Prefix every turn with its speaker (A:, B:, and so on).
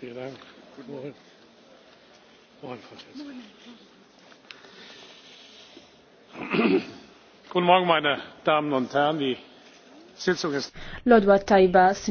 A: Vielen
B: Guten Morgen. meine Damen und Herren. Die Sitzung ist.
C: Lodwa Taiba,